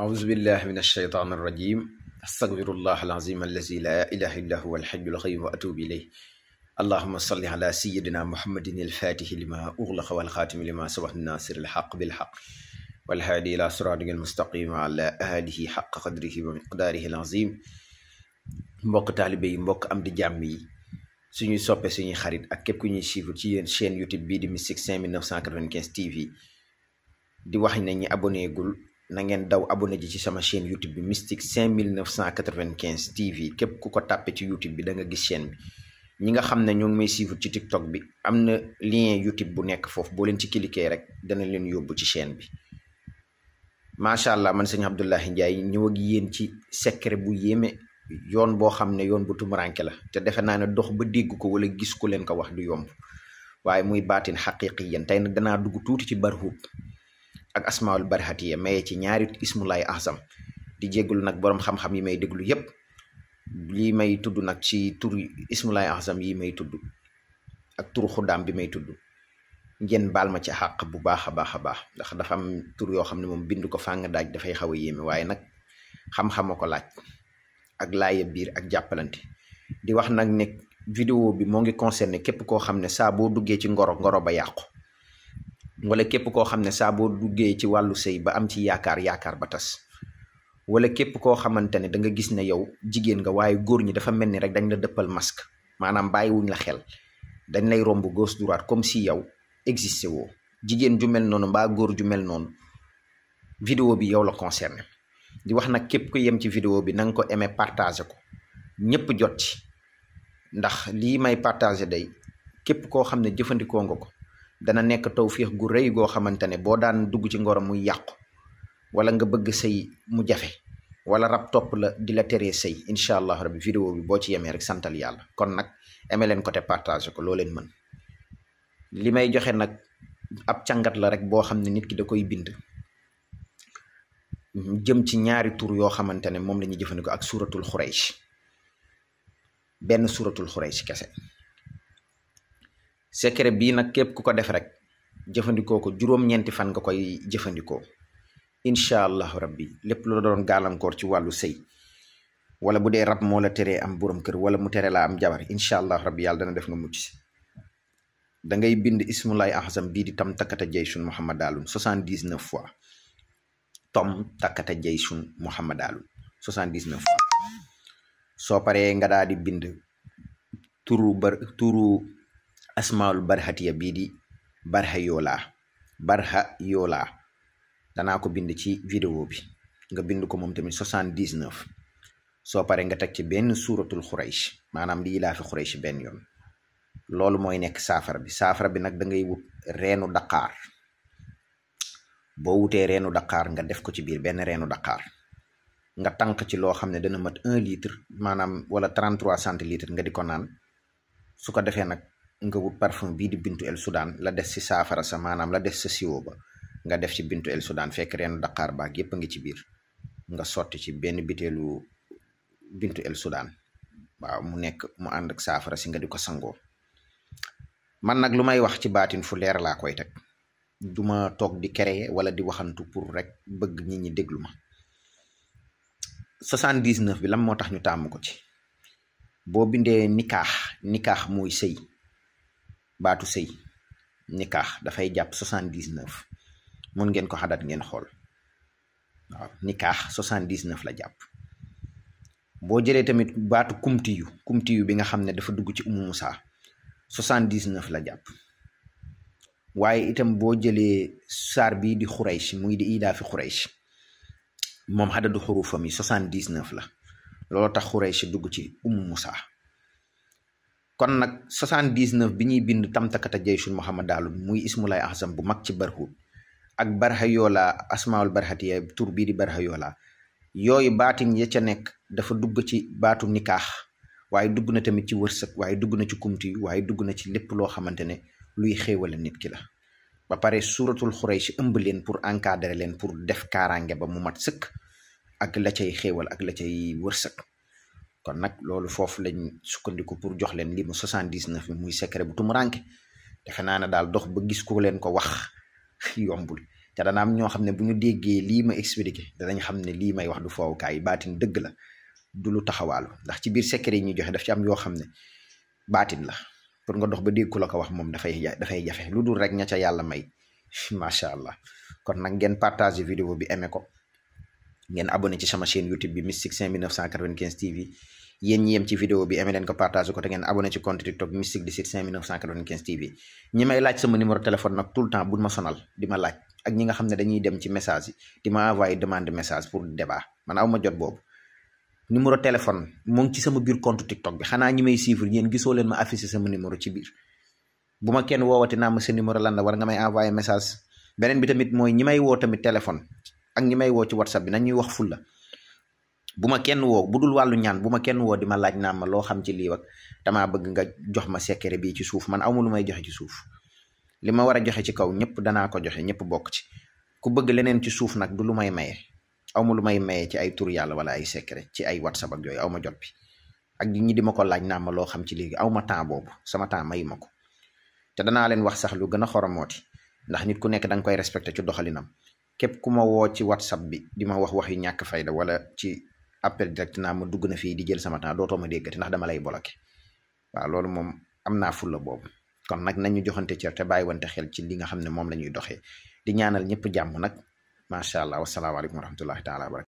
أعوذ بالله من الشيطان الرجيم أستغفر الله العظيم الذي لا إله إلا هو الحي القيوم وأتوب إليه اللهم صل على سيدنا محمد الفاتح لما أغلق والخاتم لما سبق الناصر الحق بالحق والهادي إلى صراطك المستقيم وعلى آله حق قدره ومقداره العظيم mbokk taalibe yi mbokk am di jàmm yi suñuy soppe suñuy xarit ak képp ku ñuy suivre ci yéen chaîne YouTube bii di Mystique 5995 TV di wax ne ñi abonné gul na ngeen daw abonné ji ci sama chaîne YouTube bi Mystique 5995 TV képp ku ko tàppe ci YouTube bi da nga gis chaîne bi ñi nga xam ne ñoo ngi may suivre ci TikTok bi am na lien YouTube bu nekk foofu boo leen ci cliquer rek dana leen yóbbu ci chaîne bi macha allah man sëñ Abdoulahi Ndiaye ñëw ak yéen ci secret bu yéeme yoon boo xam ne yoon bu tumuranke la te defe naa ne dox ba dégg ko wala gis ko leen ko wax du yomb waaye muy baatin xaqiqiyan tey nag danaa dugg tuuti ci barhub ak asmaul barihatiya maye ci ñaari ismulaay asam di jéggul nag boroom xam-xam yi may déglu yépp lii may tudd nag ci tur ismulaay ahzam yi may tudd ak turu xuddaam bi may tudd ngeen baal ma ci xàq bu baax a baax a baax ndax dafa am tur yoo xam ne moom bind ko fàng daaj dafay xaw a yéeme waaye nag xam-xama ko laaj ak laaye biir ak jàppalante di wax nag ne video bi moo ngi concerné képp koo xam ne saa boo duggee ci ngoro ngoro ba yàqu wala képp koo xam ne saa boo duggee ci wàllu sëy ba am ci yaakaar yaakaar ba tas wala képp koo xamante ne da nga gis ne yow jigéen nga waaye góor ñi dafa mel ni rek dañ la dëppal masque maanaam bàyyiwuñ la xel dañ lay romb gauche droite comme si yow existé woo jigéen ju mel noonu mbaa góor ju mel noonu vidéo bi yow la concerné di wax nag képp ku yem ci video bi nanga ko aimé partagé ko ñëpp jot ci ndax lii may partagé day képp koo xam ne jëfandikoo nga ko dana nekk tawfiix gu rëy goo xamante ne boo daan dugg ci ngoro muy yàqu wala nga bëgg sëy mu jafe wala rab topp la di la teree sëy incha allah rabbi vidéo bi boo ci yemee rek santal yàlla kon nag amee leen côté partage ko loo leen mën li may joxe nag ab càngat la rek boo xam ne nit ki da koy bind jëm ci ñaari tur yoo xamante ne moom la jëfandikoo ak suuratul xuraysh benn suuratul xuraysh kese secret bii nag képp ku ko def rek jëfandikoo ko juróom-ñeenti fan nga koy jëfandikoo incha allahu rabbi lépp lu la doon gaalankoor ci wàllu sëy wala bu dee rab moo la teree am borom kër wala mu tere laa am jabar incha allahu rabbi yàlla dana def na mucc si da ngay bind ismulay ahzam bii di tam takkata jaysun muhammadaalun soixante-dix-neuf fois tom takkata jaysun muhammadaalun soixante-dix-neuf fois soo paree nga daal di bind turu turu asmaul barxatiya bii di barxa yoolaa barxa yoolaa danaa ko bind ci vidéo bi nga bind ko moom tamit 79 soo paree nga teg ci benn suuratul xuraysh maanaam lii laa fi xuraysh benn yoon loolu mooy nekk saafara bi saafara bi nag da ngay wut reenu daqaar boo wutee reenu daqaar nga def ko ci biir benn reenu daqaar nga tànk ci loo xam ne dana mat un litre maanaam wala 33 centilitre nga di ko naan su ko defee nag nga wut parfum bii di bintu el sudan la des si saafara sa maanaam la des sa siwo ba nga def ci bintu el sudan fekk reenu daqaar baak yépp a ngi ci biir nga sotti ci benn biteelu bintu el sudan waaw mu nekk mu ànd ak saafara si nga di ko sangoo man nag lu may wax ci baatin fu leer laa koy teg duma toog di créer wala di waxantu pour rek bëgg nit ñi déglu ma 79 bi lan moo tax ñu tàmm ko ci boo bindee nikaax nikaax mooy sëy baatu sëy nikaax dafay jàpp soixante dix neuf mun ngeen ko xadat ngeen xool waaw nikaax soixante dix neuf la jàpp boo jëlee tamit baatu kumti yu bi nga xam ne dafa dugg ci umu musaa soixante dix neuf la jàpp waaye itam boo jëlee saar bii di xuraysh mu ngi di idaafi xuraysh moom xadadu xuruufam yi soixante dix neuf la looloo tax xuraysh dugg ci umu musaa kon nag 79 bi ñuy bind tamtakata jayshul muhammadaalum muy ismulay ahzam bu mag ci barhut ak barxa yoola asmaul barxatiya tur bii di barxa yoola yooyu baatin ya ca nekk dafa dugg ci baatu nikaax waaye dugg na tamit ci wërsëg waaye dugg na ci kumti waaye dugg na ci lépp loo xamante ne luy xéewale nit ki la ba pare suuratul xurey si ëmb leen pour encadrer leen pour def kaaraange ba mu mat sëkk ak la cay xéewal ak la cay wërsëg kon nag loolu foofu lañ sukkandiku pour jox leen li mu 79 bi muy secret bu tumuranke defe naa ne daal dox ba gis ku leen ko wax yombul te dana am ñoo xam ne bu ñu déggee lii ma expliqué danañ xam ne lii may wax du foowukaay yi baatin dëgg la du lu taxawaalu ndax ci biir secret yi ñuy joxe daf ci am yoo xam ne baatin la pour nga dox ba dégg ku la ko wax moom dafay dafay jafe lu dul rek ña ca yàlla may macha allah kon nag ngeen partage vidéo bi aimé ko. ngeen abonné ci sama chaîne YouTube bi Mystique 5995 TV yéen ñi yem ci vidéo bi aimé leen ko partage ko te ngeen abonné ci compte TikTok Mystique ñi may laaj sama numéro téléphone nag tout temps buñ ma sonal di ma laaj ak ñi nga xam ne dañuy dem ci message yi di ma envoyé demande message pour débat man aw jot boobu numéro téléphone mu ngi ci sama biir compte TikTok bi xanaa ñi may suivre yéen gisoo leen ma affiché sama numéro ci biir bu ma kenn woowati naa lan la war nga may envoyé message beneen bi tamit mooy ñi woo tamit téléphone ak may woo ci whatsapp bi nañuy wax fulla bu ma kenn woo bu dul wàllu ñaan bu ma kenn woo di ma laaj naa ma loo xam ci lii ak damaa bëgg nga jox ma secret bii ci suuf man awma lu may joxe ci suuf li ma war a joxe ci kaw ñëpp danaa ko joxe ñëpp bokk ci ku bëgg leneen ci suuf nag lu may maye awma lu may maye ci ay tur yàlla wala ay sekere ci ay whatsapp ak yooyu aw ma jot bi ak ñi di ma ko laaj naa ma loo xam ci léegi aw ma temps boobu sama temps mayi ma ko te danaa leen wax sax lu gën a xoromooti ndax nit ku nekk danga koy respecté ci doxalinam képp ku ma woo ci whatsapp bi di ma wax wax yu ñàkk fayda wala ci appel direct na ma dugg na fii di jël sama temps dootoo ma déggati ndax dama lay bloqué waaw loolu moom am naa fulla boobu kon nag nañu joxante certe te bàyyi wante xel ci li nga xam ne moom la ñuy doxee di ñaanal ñëpp jàmm nag macha allah wasalaamaaleykum wa rahmatullahi taala wa barakatu